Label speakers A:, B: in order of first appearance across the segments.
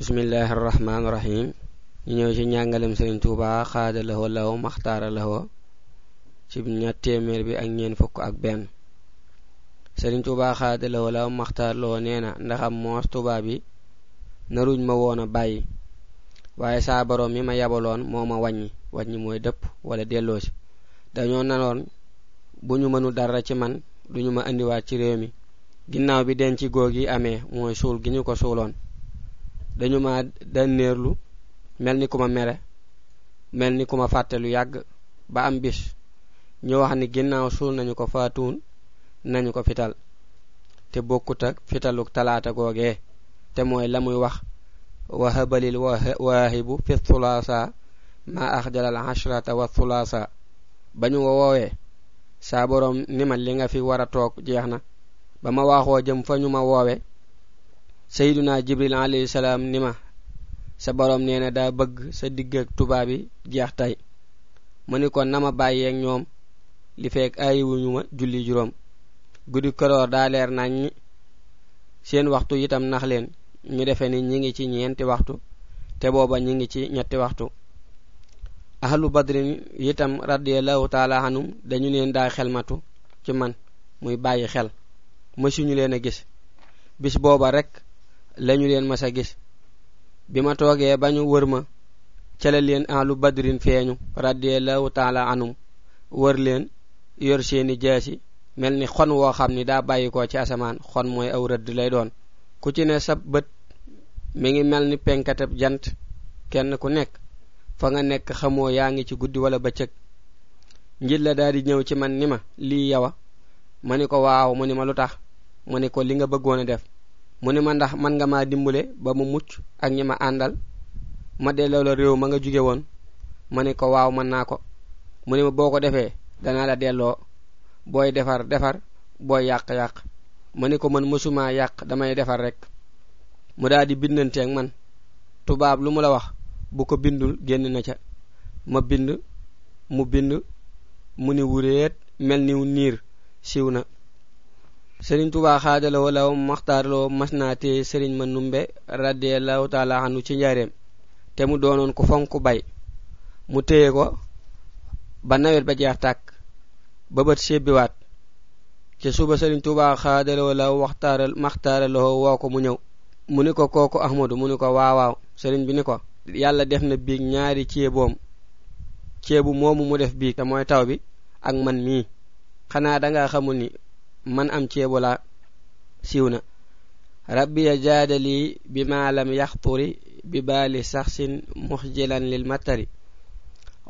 A: bismillahi arrahmani irrahim ñu ñëw ci njàngalem sëriñ tuuba xaada lawo lawo maxtaara lawo ci ñett téeméer bi ak ñeen fukk ak benn sëriñ tuuba xaada lawo lawo maxtaar lawo nee na ndax am moos tuuba bi naruñ ma woon a bàyyi waaye saa borom mi ma yabaloon moo ma wàññi wàññi mooy dëpp wala delloo si dañoo nanoon bu ñu mënu dara ci man duñu ma indiwaat ci réew mi ginnaaw bi denc góor yi amee mooy suul gi ñu ko suuloon dañu ma danneerlu mel ni ku ma mere mel ni ku ma fàttelu yàgg ba am bis ñu wax ni ginnaaw suul nañu ko faatuun nañu ko fital te bokkut ak fitalu talaata googee te mooy la muy wax wahabalil waahibu fi thulaasa ma axjalal ashrata wa thulaasa ba ñu wa woowee saa borom ni ma li nga fi war a toog jeex na ba ma waaxoo jëm fa ñu ma woowee sayyiduna jibril alayhi salam ni ma sa borom neena na daa bëgg sa digg ak tuba bi jeex tey mu ko kon na ma ak ñoom li ayi wuñu ma julli juróom gudi koro da leer nañ seen waxtu itam nax leen ñu defé ni ñi ngi ci ñeenti waxtu te booba ñi ngi ci ñetti waxtu ahlu badrin itam radiallahu taala hanum dañu leen da xelmatu ci man muy bàyyi xel ma suñu leena gis bis booba rek lañu leen mas gis bi ma toogee ba ñu wër ma ca la leen ahlu badrin feeñu radiallahu taala anum wër leen yor seeni jaasi mel ni xon woo xam ni daa bàyyikoo ci asamaan xon mooy aw rëdd lay doon ku ci ne sab bët mi ngi mel ni penkatab jant kenn ku nekk fa nga nekk xamoo yaa ngi ci guddi wala bëccëg njit la daal di ñëw ci man ni ma lii yawa ma ni ko waaw mu ni ma lu tax mu ni ko li nga bëggoon a def mu ne ma ndax man nga maa dimbale ba mu mucc ak ñi ma àndal ma delloo la réew ma nga jóge woon ma ne ko waaw mën naa ko mu ne ma boo ko defee danaa la delloo booy defar defar booy yàq-yàq ma ne ko man mësumaa yàq damay defar rek mu daal di bindante ak man tubaab lu mu la wax bu ko bindul génn na ca ma bind mu bind mu ni wuréet mel ni niir siw na sëriñ tubaa xaadaloo law maxtaarloo mas naa te sëriñ ma numbe radiallahu taala anu ci ndiarem te mu donon ku fonku bay mu teye ko ba nawet ba jeex tak ba bët wat ci suba sëriñ tubaa xaadaloo law waxtaaral maxtaaraloo woo ko mu ñew mu ni ko koko ahmadu mu ni ko waawaaw serigne bi ni ko yalla def na bi ñaari ci bu momu mu def bi te mooy taw bi ak man mi. xana da xamul ni man am ceebola siiw na rabbiya jaadali bima lam yaxturi bibaali saxsin muxjilan lilmatari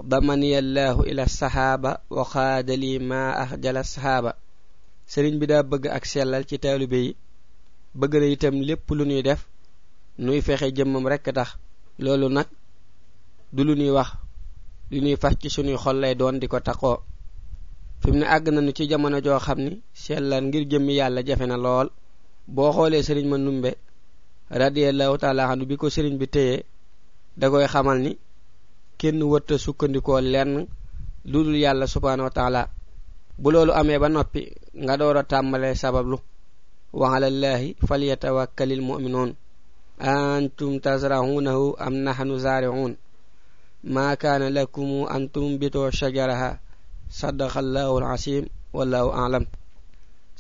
A: damani allahu ila sahaba wa xaadali ma axjala saxaaba sëriñ bi daa bëgg ak sellal ci taalibe yi bëgg na itam lépp lu ñuy def nuy fexe jëmmam rek tax loolu nag du lu ñuy wax lu ñuy fas ci suñuy xol lay doon di ko taqoo fim mu ne àgg nañu ci jamono joo xam ni sellaan ngir jëmmi yàlla jafe na lool boo xoolee sëriñ ma numbe radiallahu taala anhu bi ko sëriñ bi téyee da koy xamal ni kenn wërta sukkandikoo lenn ludul dul yàlla subhanahu wa taala bu loolu amee ba noppi nga door a tàmbalee sabablu wa alallahi falyatawakkalil muminuun antum tasrahunahu am nahnu zaari'uun ma kaana lakum an tumbitoo shajaraha sadaqallahu alazim wallahu alam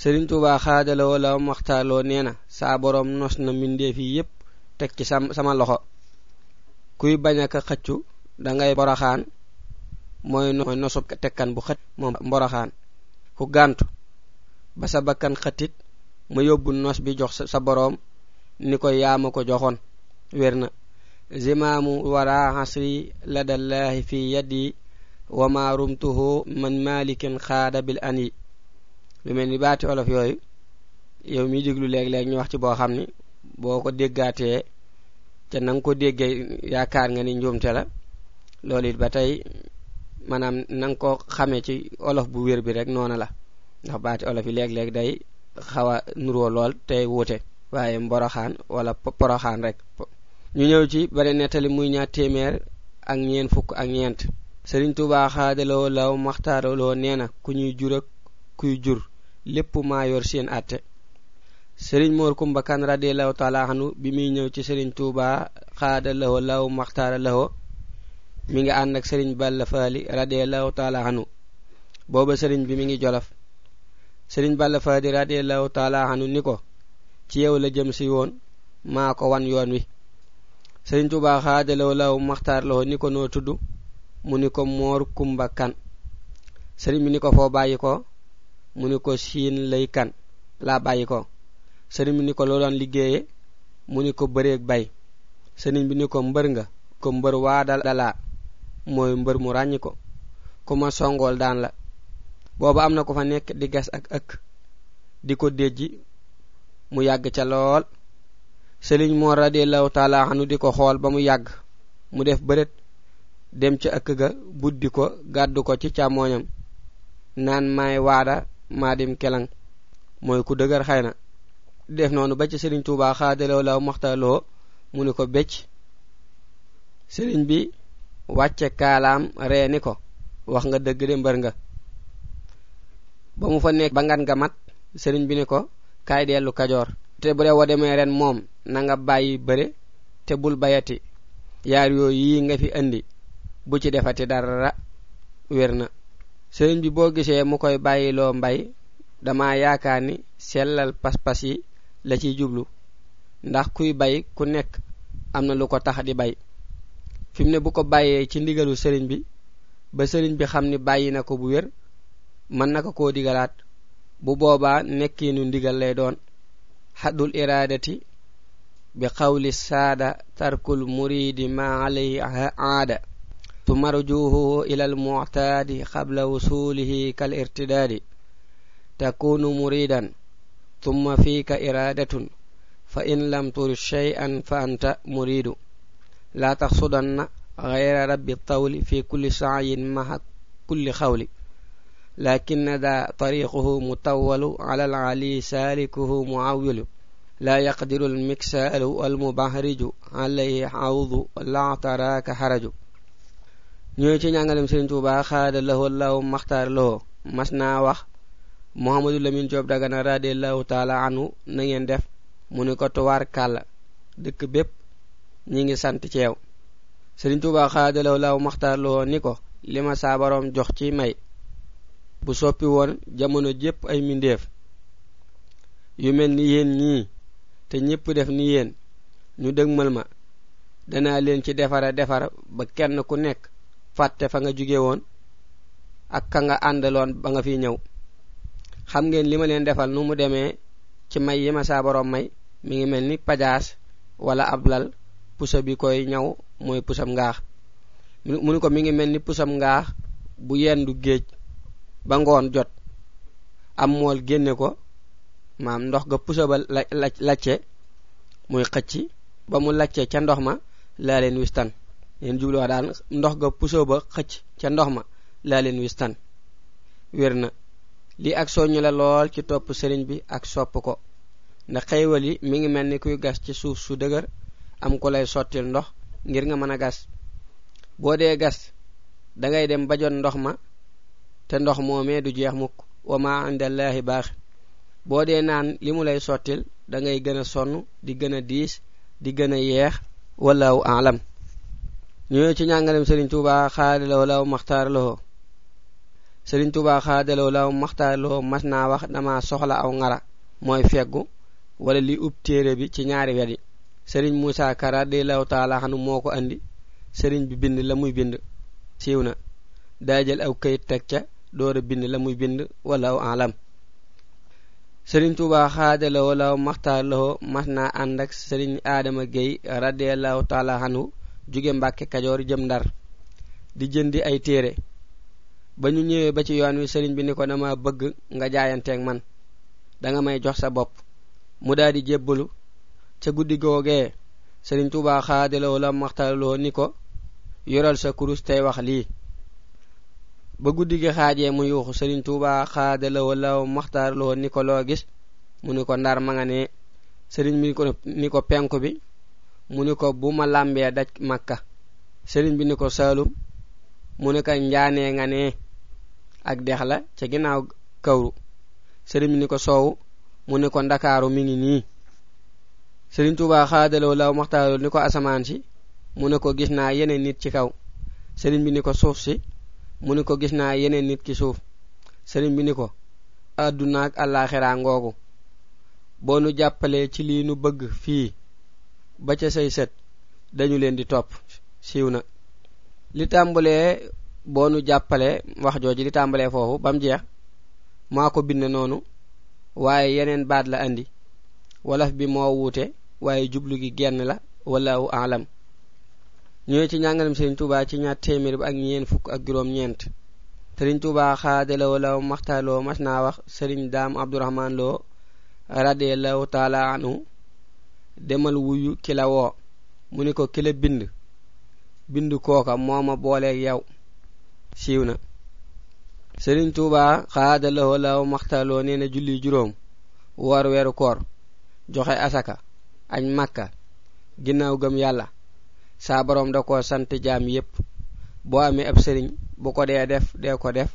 A: sëriñ tuuba xaadaloo la maxtaaloo nee na saa boroom nos na mbindeef yi yépp teg ci sama loxo kuy bañ ka xëccu dangay mboroxaan mooy nosu tekkan bu xët moom mboroxaan ku gàntu ba sa bakkan xëtit ma yóbbu nos bi jox sa boroom ni ko yaama ko joxoon wér na zimaamu wara asri ladallaahi fi yaddi. wa ma rumtuhu man malikin xaada bil ani lu mel ni baati olof yooyu yow miy déglu léeg-léeg ñu wax ci boo xam ni boo ko déggaatee te na ko déggee yaakaar nga ni la loolu it ba tey maanaam ko xamee ci olof bu wér bi rek nona la ndax baati olof yi léeg-léeg day xaw a nuroo lool te wuute waaye mboroxaan wala poroxaan rek ñu ñëw ci bari nettali muy ñaar téeméer ak ñeen fukk ak ñeent sëriñ tuuba xaadaloo law maxtaaraloo nee na ku ñuy jur ak kuy jur lépp maa yor seen àtte serigne mor kumba kan radiallahu taala anhu bi muy ñëw ci sëriñ tuuba xaadaloo law maxtaaraloo mi ngi ànd ak sëriñ balla faali radiallahu taala anhu booba serigne bi mi ngi jolof serigne balla faali radiallahu taala anhu ni ko ci yow la jëm si woon maa ko wan yoon wi sëriñ tuuba xaadaloo law maxtaaraloo ni ko noo tudd mu ni ko moor kumba kan sëriñ bi ni ko foo bàyyi ko mu ni ko siin lay kan laa bàyyi ko sëriñ bi ni ko loo doon liggéeye mu ko bëreeg bay sëriñ bi ni ko mbër nga ko mbër waa mooy mbër mu ràññi ko ku ma songool daan la am na fa nekk di gas ak ëkk di ko déjji mu yàgg ca lool sëriñ moo radiallahu taala anu di ko ba mu yàgg mu def dem ci ëkk ga buddi ko gaddu ko ci càmmooñam naan may waada maadim kelang mooy ku dëgër xayna. def noonu ba ci sëriñ tuubaa xaadaloo law maxtaloo mu ni ko becc sëriñ bi wàcce kaalaam ree ni ko wax nga dëgg de mbër nga ba mu fa nekk ba ngan nga mat sëriñ bi ni ko kaay dellu kajoor te bu dee woo demee ren moom na nga bàyyi bëre te bul bayati yaar yooyu yi nga fi indi bu ci defati dara werna sëriñ bi boo gisee mu koy bàyyiloo mbay dama yaakaar ni sellal pas-pas yi la ciy jublu ndax kuy bay ku nekk am na lu ko tax di bay fi mu ne bu ko bàyyee ci ndigalu sëriñ bi ba sëriñ bi xam ni bàyyi na ko bu wér mën na ko koo digalaat bu boobaa nekkiinu ndigal lay doon xaddul iraadati bi xawli saada tarkul muridi ma alayhi aada ثم إلى المعتاد قبل وصوله كالارتداد تكون مريدا ثم فيك إرادة فإن لم ترد شيئا فأنت مريد لا تقصدن غير رب الطول في كل سعي مع كل خول لكن ذا طريقه مطول على العلي سالكه معول لا يقدر المكسال والمبهرج عليه عوض لا تراك حرج ñooñu ci njàngalem Serigne Touba xaada lahu allahu maxtaar lahu mas naa wax Mouhamadou daga na Dagana radiallahu taala anu na ngeen def mu ni ko tuwaar kàlla dëkk bépp ñi ngi sant ceew Serigne Touba xaada lahu allahu maxtaar lahu ni ko li ma saa borom jox ci may bu soppi woon jamono jépp ay mindeef. yu mel ni yéen ñii te ñépp def ni yéen ñu dëgmal ma danaa leen ci defara defar ba kenn ku nekk fàtte fa nga jóge woon ak ka nga àndaloon ba nga fi ñëw xam ngeen li ma leen defal nu mu demee ci may yi ma saa borom may mi ngi mel ni wala ablal pusa bi koy ñaw mooy pusam ngaax mu ni ko mi ngi mel ni pusam ngaax bu yendu géej ba ngoon jot am mool génne ko maam ndox ga pusa ba lacce muy xëcc ba mu lacce ca ndox ma laa leen wistan leen jubluwaa daal ndox ga puso ba xëcc ca ndox ma laa leen wistan wér na lii ak soññu la lool ci topp sëriñ bi ak sopp ko ndax xéewal yi mi ngi mel ni kuy gas ci suuf su dëgër am ku lay sottil ndox ngir nga mën a gas boo dee gas dangay dem ba jot ndox ma te ndox moomee du jeex mukk wa ma indallaahi baax boo dee naan li mu lay sottil dangay gën a sonn di gën a diis di gën a yeex wallahu aalam ñoo ci njàngalem sëriñ tuuba xaadalaw law maxtaar loo sëriñ tuuba xaadalaw law maxtaar loo mas naa wax dama soxla aw ngara mooy feggu wala li ub téere bi ci ñaari wet yi sëriñ muusa kara di law taala xanu moo ko andi sëriñ bi bind la muy bind siiw na daa jël aw kayit teg ca door a bind la muy bind wala aw alam sëriñ tuuba xaadalaw law maxtaar loo mas naa ànd ak sëriñ aadama géy radiallahu taala xanu jóge mbàkke kajoor jëm ndar di jëndi ay téere ba ñu ñëwee ba ci yoon wi sëriñ bi ni ko dama bëgg nga jaayanteeg man danga may jox sa bopp mu daal di jébbalu ca guddi googee sëriñ Tuubaa xaadaloo la maxtaloo ni ko yoral sa kurus tey wax lii ba guddi gi xaajee mu yuuxu sëriñ Tuubaa xaadaloo la maxtaloo ni ko loo gis mu ni ko ndar ma nga ne sëriñ bi ni ko penku bi mu ni ko bu ma lambee daj makka sëriñ bi ni ko saalum mu ni ko njaanee nga ne ak dex la ca ginnaaw kawru sëriñ bi ni ko soowu mu ni ko ndakaaru mi ngi nii sëriñ tuuba xaadaloo law maxtaaloo ni ko asamaan si mu ne ko gis naa yeneen nit ci kaw sëriñ bi ni ko suuf si mu ni ko gis naa yeneen nit ci suuf sëriñ bi ni ko àdduna ak àllaaxira ngoogu boo nu jàppalee ci lii nu bëgg fii ba ca say set dañu leen di topp siiw na li tàmbalee boo nu jàppale wax jooji li tàmbalee foofu ba mu jeex maa ko binne noonu waaye yeneen baat la andi wolof bi moo wuute waaye jublu gi genn la wala u alam ñu ci ñàngalam sëriñ tuuba ci ñaat téeméer ba ak ñeen fukk ak juróom ñeent sëriñ tuuba xaadalaw law maxtaaloo mas naa wax sëriñ daam abdurahmaan loo radiallahu taala anhu demal wuyu kila woo mu ni ko kila bind bind kooka moo ma booleek yow siiw na sëriñ tuuba xaada lahu lahu maxtaloo nee na julli juróom woor weeru koor joxe asaka añ màkka ginnaaw gëm yàlla saa boroom da koo sant jaam yépp boo amee ab sëriñ bu ko dee def dee ko def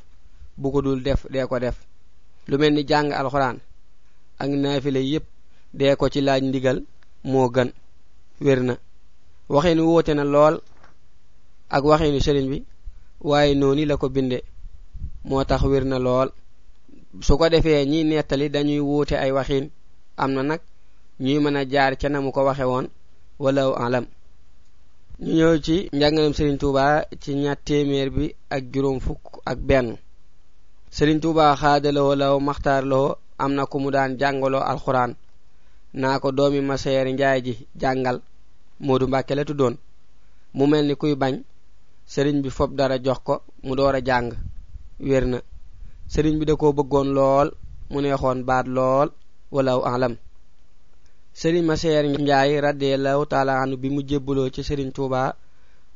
A: bu ko dul def dee ko def lu mel ni jàng alxuraan ak naafile yépp dee ko ci laaj ndigal moo gan wér na waxin woote na lool ak waxinu sëriñ bi waaye noonu la ko binde moo tax wér na lool su ko defee ñi nettali dañuy wuute ay waxin am na nag ñuy mën a jaar ca na mu ko waxe woon wala alam ñu ñëw ci njàngalem sëriñ tuuba ci ñaat téeméer bi ak juróom fukk ak benn sëriñ tuuba xaadaloo law maxtaar loo am na ku mu daan jàngaloo alxuraan naa ko doomi masayeer njaay ji jàngal moodu mbàkkele tuddoon mu mel ni kuy bañ sëriñ bi fob dara jox ko mu door a jàng wér na sëriñ bi da koo bëggoon lool mu neexoon baat lool wala aw alam sëriñ masayeer njaay radiallahu taala anu bi mu jébbaloo ci sëriñ tuuba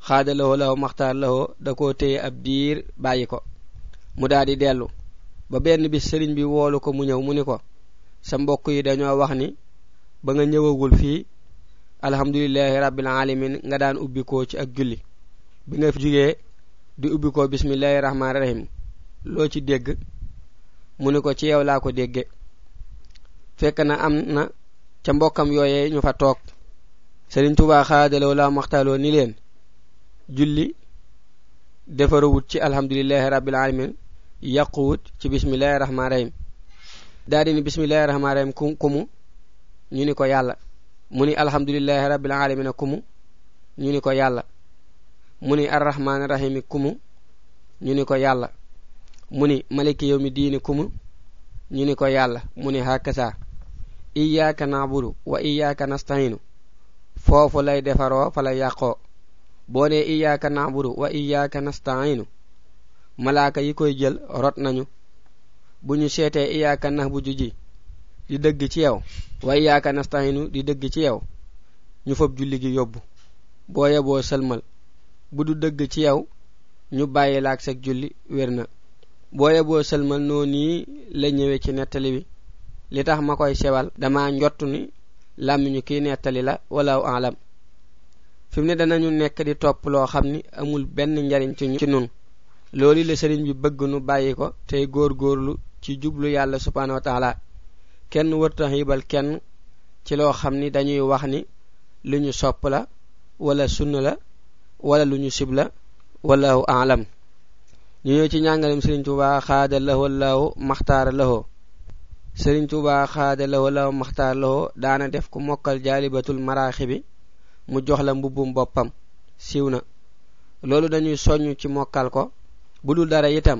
A: xaada lawo law maxtaar lawo da koo téye ab diir bàyyi ko mu daal di dellu ba benn bis sëriñ bi woolu ko mu ñëw mu ni ko sa mbokk yi dañoo wax ni ba nga ñëwagul fii alhamdulilahi rabbil alamin nga daan ubbi ko ci ak julli bi nga fi jugee di ubbi ko bismillahi rahmaani rahim loo ci dégg mu ne ko ci yow laa ko degge. fekk na am na ca mbokkam yooyee ñu fa toog sëriñ tubaa xaadaloo laa maxtaaloo ni leen julli defarawut ci alhamdulillahi rabbil alamin yàquwut ci bismillahi rahmaani rahim daa di ni bismillahi rahmaani rahim ku mu ñu ni ko yàlla mu ni alhamdulillahi rabbil alamina kumu ñu ni ko yàlla mu ni arrahmani rahimi kumu ñu ni ko yàlla mu ni maliki yawmi diini kumu ñu ni ko yàlla mu ni hakasa iyyaka na'budu wa iyyaka nasta'inu foofu lay defaroo fa lay yàqoo boo nee iyyaka na'budu wa iyyaka nasta'inu malaaka yi koy jël rot nañu bu ñu seetee iyyaka na'budu ji di dëgg ci yow waaye yaaka nastahinu di dëgg ci yow ñu fob julli gi yóbbu boo yeboo sëlmal bu du dëgg ci yow ñu bàyyi laak sag julli wér na boo yeboo sëlmal noo nii la ñëwee ci nettali bi li tax ma koy sewal dama njott ni làmmiñu kiy nettali la wala alam fi mu ne danañu nekk di topp loo xam ni amul benn njariñ ci ci nun loolu la sëriñ bi bëgg nu bàyyi ko tey góor góorlu ci jublu yàlla subhaanahu wa kenn wërta xiibal kenn ci loo xam ni dañuy wax ni lu ñu sopp la wala sunna la wala lu ñu sib la wallahu alam ñu ñëw ci njàngalem sëriñ tuba xaada lahu allahu maxtaara lahu sëriñ tuba xaada lahu allahu maxtaara lahu daana def ku mokkal jaalibatul maraaxi bi mu jox la mbubbum boppam siiw na loolu dañuy soññ ci mokkal ko bu dul dara itam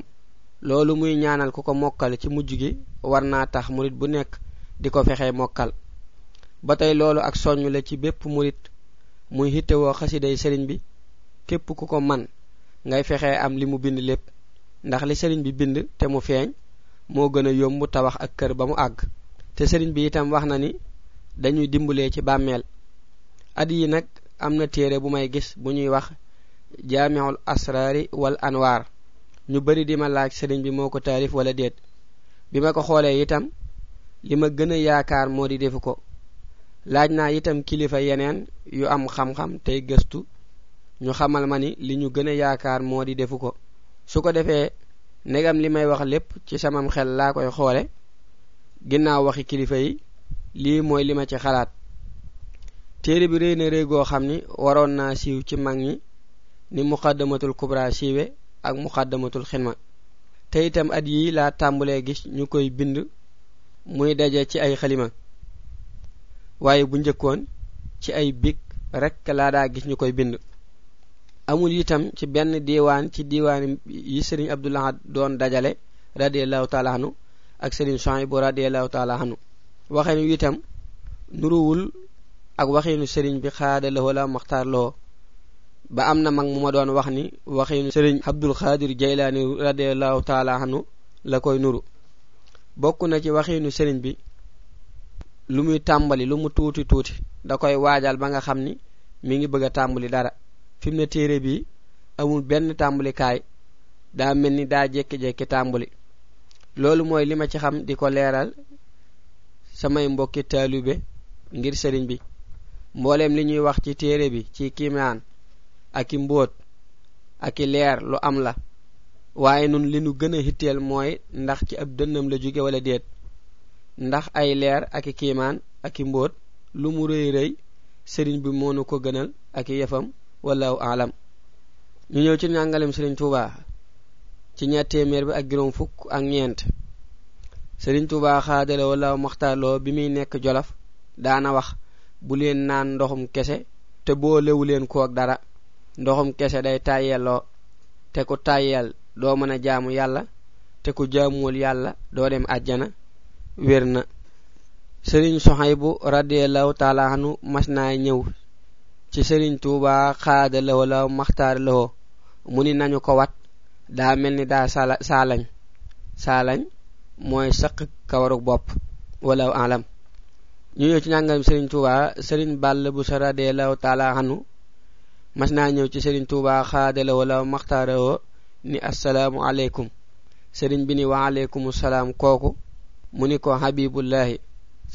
A: loolu muy ñaanal ku ko mokkal ci mujj gi war naa tax murit bu nekk di ko fexe mokkal ba tey loolu ak soññ la ci bépp murit muy hittewoo xasiday sëriñ bi képp ku ko man ngay fexe am li mu bind lépp ndax li sëriñ bi bind te mu feeñ moo gën a yomb tawax ak kër ba mu àgg te sëriñ bi itam wax na ni dañuy dimbalee ci bàmmeel at yi nag am na téere bu may gis bu ñuy wax jaamiul asraari wal anwaar ñu bari di ma laaj sëriñ bi moo ko taarif wala déet bi ma ko xoolee itam li ma gën a yaakaar moo di defu ko laaj naa itam kilifa yeneen yu am xam-xam tey gëstu ñu xamal ma ni li ñu gën a yaakaar moo di defu ko su ko defee negam li may wax lépp ci samam xel laa koy xoole ginnaaw waxi kilifa yi lii mooy li ma ci xalaat téere bi réy na réy goo xam ni waroon naa siiw ci mag ñi ni muqaddamatul kubra siiwe ak muqaddamatul xinma. te itam at yi la tàmbulee gis ñu koy bind muy daje ci ay xalima waaye bu njëkkoon ci ay bik rek laa daa gis ñu koy bind amul itam ci benn diiwaan ci diiwaan yi sëriñ abdullah doon dajale radiallahu taala anu ak sëriñ Chouaïb radiallahu taala anu waxee nu itam nuruwul ak waxeenu sëriñ bi xaada la wala maxtaar loo ba am na mag mu ma doon wax ni waxin sëriñ abdul xaadir jaylaani radiallahu taala anu la koy nuru bokk na ci waxinu sëriñ bi lu muy tàmbali lu mu tuuti tuuti da koy waajal ba nga xam ni mi ngi bëgg a tàmbali dara fi mu ne téere bi amul benn tàmbalikaay daa mel ni daa jekki-jekki tàmbali loolu mooy li ma ci xam di ko leeral samay mbokki taalube ngir sëriñ bi mbooleem li ñuy wax ci téere bi ci kimaan ak i ak i leer lu am la waaye nun li nu gën a hitteel mooy ndax ci ab dënnam la jóge wala déet ndax ay leer ak i kiimaan ak i lu mu rëy rëy sëriñ bi moonu ko gënal ak i yefam wallahu aalam ñu ñëw ci njàngalem sëriñ Tuuba ci ñaar téeméer bi ak juróom fukk ak ñeent sëriñ Tuuba xaadale wallahu maxtaarloo bi muy nekk jolaf daana wax bu leen naan ndoxum kese te boolewuleen ko ak dara ndoxum kese day tàyyeloo te ku tàyyel doo mën a jaamu yàlla te ku jaamuwul yàlla doo dem àjjana wér na sëriñ soxaybu radiallahu taala anu mas naa ñëw ci sëriñ tuuba xaada lawo law maxtaar lawo mu ni nañu ko wat daa mel ni daa saalañ saalañ mooy sëq kawaruk bopp walaw alam ñu ñëw ci njàngam sëriñ tuuba sëriñ bàll bu sa radiallahu taala anu mas naa ñëw ci sëriñ tuubaa xaadala wala maxtaarawo ni assalaamu aleykum sëriñ bi ni wa aleykumu salaam kooku mu ni ko habibullahi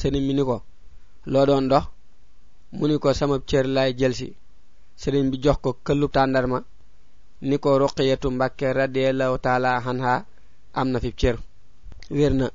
A: sëriñ bi ni ko loo doon dox mu ni ko sama cër laay si sëriñ bi jox ko këllub tàndarma ni ko ruqiyatu mbàkke radiallahu taala anha am na fi cër wér na